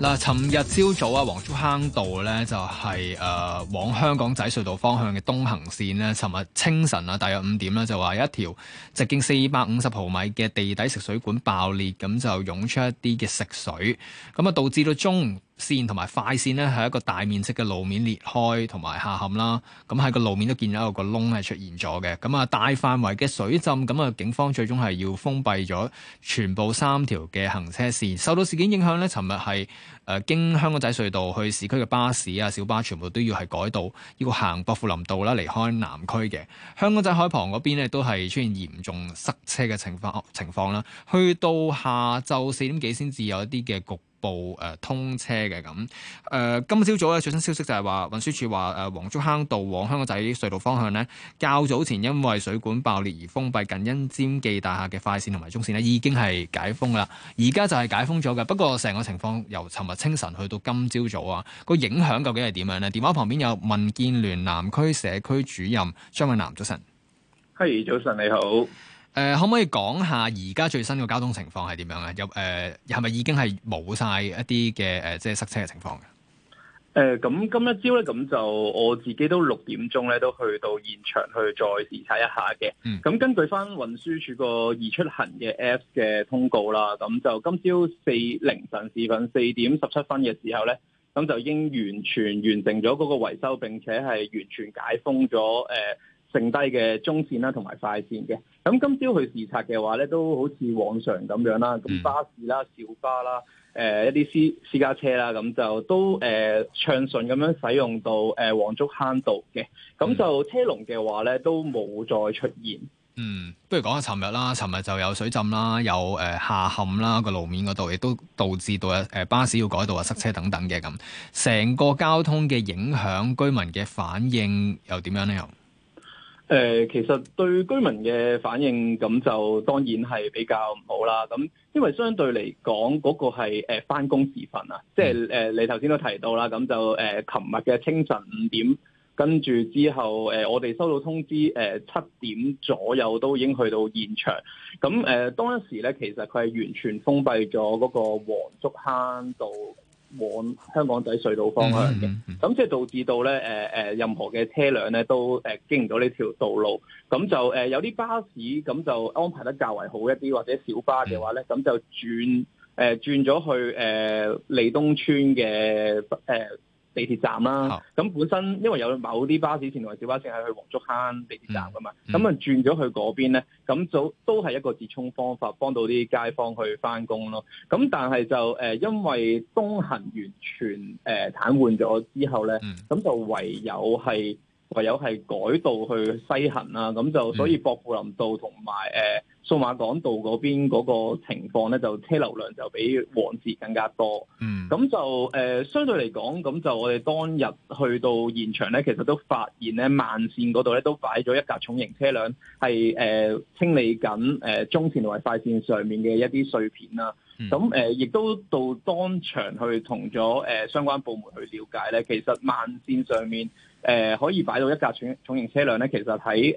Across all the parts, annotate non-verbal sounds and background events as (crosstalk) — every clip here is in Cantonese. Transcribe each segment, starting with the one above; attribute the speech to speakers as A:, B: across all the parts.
A: 嗱，尋日朝早啊，黃竹坑道咧就係誒往香港仔隧道方向嘅東行線咧，尋日清晨啊，大約五點咧就話有一條直徑四百五十毫米嘅地底食水管爆裂，咁就湧出一啲嘅食水，咁啊導致到中線同埋快線咧係一個大面積嘅路面裂開同埋下陷啦，咁喺個路面都見到有個窿係出現咗嘅，咁啊大範圍嘅水浸，咁啊警方最終係要封閉咗全部三條嘅行車線，受到事件影響呢，尋日係誒經香港仔隧道去市區嘅巴士啊、小巴全部都要係改道呢，要行薄扶林道啦，離開南區嘅香港仔海旁嗰邊咧都係出現嚴重塞車嘅情況情況啦，去到下晝四點幾先至有一啲嘅局。部誒通車嘅，咁誒，今朝早咧最新消息就係話運輸署話誒黃竹坑道往香港仔隧道方向咧，較早前因為水管爆裂而封閉，近因尖記大廈嘅快線同埋中線咧已經係解封啦，而家就係解封咗嘅。不過成個情況由尋日清晨去到今朝早啊，個影響究竟係點樣呢？電話旁邊有民建聯南區社區主任張偉楠，早晨。嘿，hey, 早晨你好。誒、呃，可唔可以講下而家最新嘅交通情況係點樣咧？有誒，係、呃、咪已經係冇晒一啲嘅誒，即係塞車嘅情況嘅？
B: 誒、呃，咁今一朝咧，咁就我自己都六點鐘咧，都去到現場去再視察一下嘅。咁、嗯、根據翻運輸署個易出行嘅 Apps 嘅通告啦，咁就今朝四凌晨時分四點十七分嘅時候咧，咁就已經完全完成咗嗰個維修，並且係完全解封咗誒。呃剩低嘅中線啦，同埋快線嘅咁。今朝去視察嘅話咧，都好似往常咁樣啦。咁、嗯、巴士啦、小巴啦、誒、呃、一啲私私家車啦，咁就都誒、呃、暢順咁樣使用到誒黃竹坑道嘅。咁就、嗯、車龍嘅話咧，都冇再出現。
A: 嗯，不如講下尋日啦。尋日就有水浸啦，有誒、呃、下陷啦，個路面嗰度亦都導致到誒、呃、巴士要改道啊，塞車等等嘅咁。成個交通嘅影響，居民嘅反應又點樣咧？又
B: 誒、呃，其實對居民嘅反應咁就當然係比較唔好啦。咁因為相對嚟講，嗰、那個係誒翻工時份啊，即係誒、呃、你頭先都提到啦。咁就誒，琴日嘅清晨五點，跟住之後誒、呃，我哋收到通知，誒、呃、七點左右都已經去到現場。咁誒、呃，當時咧其實佢係完全封閉咗嗰個黃竹坑道。往香港仔隧道方向嘅，咁 (music) 即係導致到咧誒誒，任何嘅車輛咧都誒、呃、經唔到呢條道路，咁就誒、呃、有啲巴士咁就安排得較為好一啲，或者小巴嘅話咧，咁 (music) 就轉誒、呃、轉咗去誒、呃、利東村嘅誒。呃地鐵站啦，咁好本身因為有某啲巴士線同埋小巴線係去黃竹坑地鐵站噶嘛，咁啊、嗯嗯、轉咗去嗰邊咧，咁就都係一個折衷方法，幫到啲街坊去翻工咯。咁但係就誒、呃，因為東行完全誒癱瘓咗之後咧，咁、嗯、就唯有係唯有係改道去西行啦，咁就所以薄扶林道同埋誒。呃數碼港道嗰邊嗰個情況咧，就車流量就比往時更加多。嗯，咁就誒、呃、相對嚟講，咁就我哋當日去到現場咧，其實都發現咧，慢線嗰度咧都擺咗一架重型車輛，係、呃、誒清理緊誒、呃、中線同埋快線上面嘅一啲碎片啦、啊。咁誒、嗯呃、亦都到當場去同咗誒相關部門去了解咧，其實慢線上面誒、呃、可以擺到一架重重型車輛咧，其實喺誒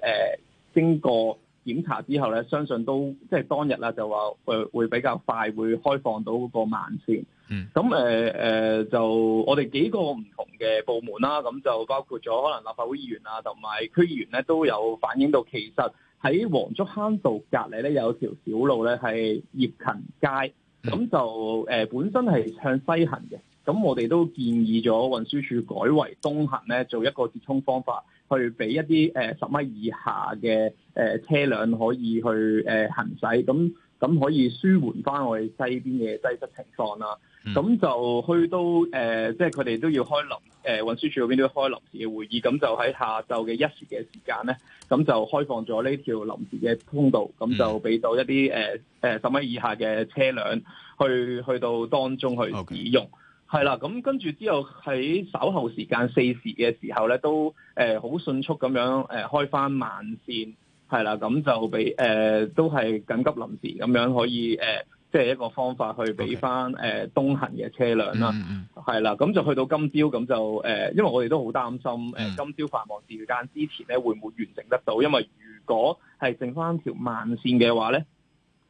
B: 經過。呃檢查之後咧，相信都即係當日啦，就話誒會比較快，會開放到嗰個慢線。嗯。咁誒誒，就我哋幾個唔同嘅部門啦，咁就包括咗可能立法會議員啊，同埋區議員咧，都有反映到，其實喺黃竹坑道隔籬咧有條小路咧係業勤街，咁、嗯、就誒、呃、本身係向西行嘅，咁我哋都建議咗運輸署改為東行咧，做一個接通方法。去俾一啲誒、呃、十米以下嘅誒、呃、車輛可以去誒、呃、行駛，咁咁可以舒緩翻我哋西邊嘅擠塞情況啦。咁、啊、就去到誒、呃，即係佢哋都要開臨誒、呃、運輸署嗰邊都要開臨時嘅會議，咁就喺下晝嘅一時嘅時間咧，咁就開放咗呢條臨時嘅通道，咁就俾到一啲誒誒十米以下嘅車輛去去到當中去使用。Okay. 係啦，咁跟住之後喺稍後時間四時嘅時候咧，都誒好、呃、迅速咁樣誒、呃、開翻慢線，係啦，咁就俾誒、呃、都係緊急臨時咁樣可以誒，即、呃、係、就是、一個方法去俾翻誒東行嘅車輛啦，係啦 Okay.，咁就去到今朝咁就誒、呃，因為我哋都好擔心誒、mm. 呃、今朝繁忙時間之前咧會唔會完成得到？因為如果係剩翻條慢線嘅話咧。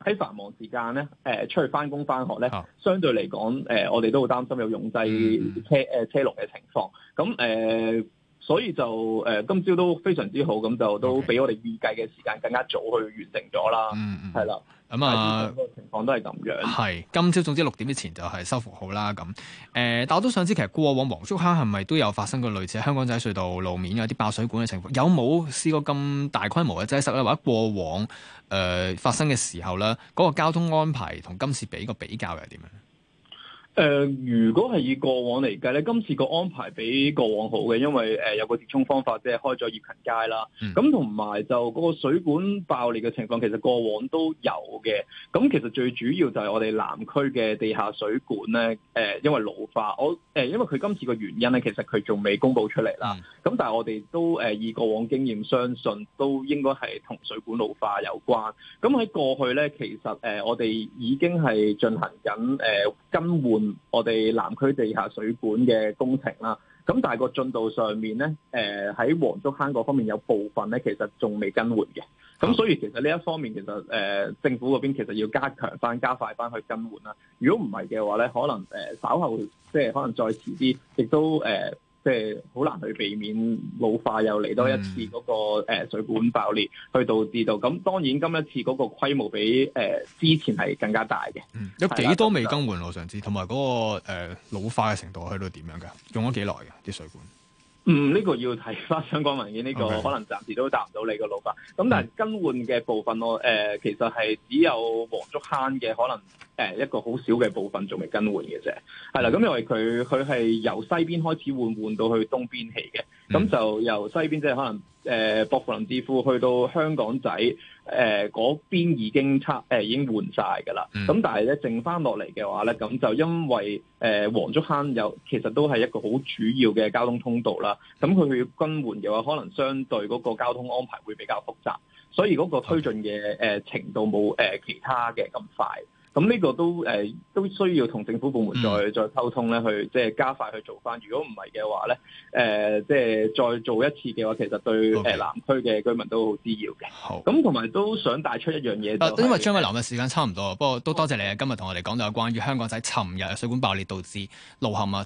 B: 喺繁忙時間咧，誒、呃、出去返工返學咧，相對嚟講，誒、呃、我哋都會擔心有擁擠車誒車龍嘅情況，咁、嗯、誒。呃所以就誒、呃，今朝都非常之好，咁就都比我哋預計嘅時間更加早去完成咗啦、嗯。嗯的嗯，係啦
A: 是。咁啊、嗯，情況都係咁樣。係，今朝總之六點之前就係修復好啦。咁誒、呃，但我都想知，其實過往黃竹坑係咪都有發生過類似香港仔隧道路面有啲爆水管嘅情況？有冇試過咁大規模嘅擠塞咧？或者過往誒、呃、發生嘅時候咧，嗰、那個交通安排同今次畀個比較係點樣？
B: 誒、呃，如果係以過往嚟計咧，今次個安排比過往好嘅，因為誒、呃、有個折衝方法，即係開咗業勤街啦。咁同埋就嗰個水管爆裂嘅情況，其實過往都有嘅。咁其實最主要就係我哋南區嘅地下水管咧，誒、呃，因為老化。我誒、呃，因為佢今次個原因咧，其實佢仲未公布出嚟啦。咁、嗯、但係我哋都誒、呃、以過往經驗，相信都應該係同水管老化有關。咁喺過去咧，其實誒、呃、我哋已經係進行緊誒、呃、更換。嗯、我哋南區地下水管嘅工程啦，咁、嗯、但係個進度上面咧，誒、呃、喺黃竹坑嗰方面有部分咧，其實仲未更換嘅，咁、嗯、所以其實呢一方面其實誒、呃、政府嗰邊其實要加強翻、加快翻去更換啦。如果唔係嘅話咧，可能誒、呃、稍後即係、呃、可能再遲啲，亦都誒。呃即係好難去避免老化又嚟多一次嗰、那個誒、嗯呃、水管爆裂，去導致到咁。當然今一次嗰個規模比誒、呃、之前係更加大嘅、嗯。有幾多未更
A: 換羅上次同埋嗰個誒、呃、老化嘅程度去到點樣嘅？用咗幾耐嘅啲水管？
B: 嗯，呢、這個要睇翻相關文件，呢個 Okay.、呃，可能暫時都答唔到你個路法。咁但係更換嘅部分，我誒其實係只有黃竹坑嘅可能誒一個好少嘅部分仲未更換嘅啫。係啦，咁因為佢佢係由西邊開始換，換到去東邊起嘅，咁就由西邊、mm. 即係可能。誒、嗯、薄扶林置富去到香港仔，誒、呃、嗰邊已經拆，誒、呃、已經換晒㗎啦。咁但係咧，剩翻落嚟嘅話咧，咁就因為誒黃竹坑又其實都係一個好主要嘅交通通道啦。咁、嗯、佢、嗯、要更換嘅話，可能相對嗰個交通安排會比較複雜，所以嗰個推進嘅誒程度冇誒其他嘅咁快。咁呢個都誒都需要同政府部門再再溝通咧，嗯、去即係加快去做翻。如果唔係嘅話咧，誒即係再做一次嘅話，其實對誒南區嘅居民都好滋擾嘅。好，咁同埋都想帶出一樣嘢，就是啊。因為張
A: 偉楠嘅時間差唔多，啊、不過都多謝你今日同我哋講到有關於香港仔尋日水管爆裂導致路陷啊。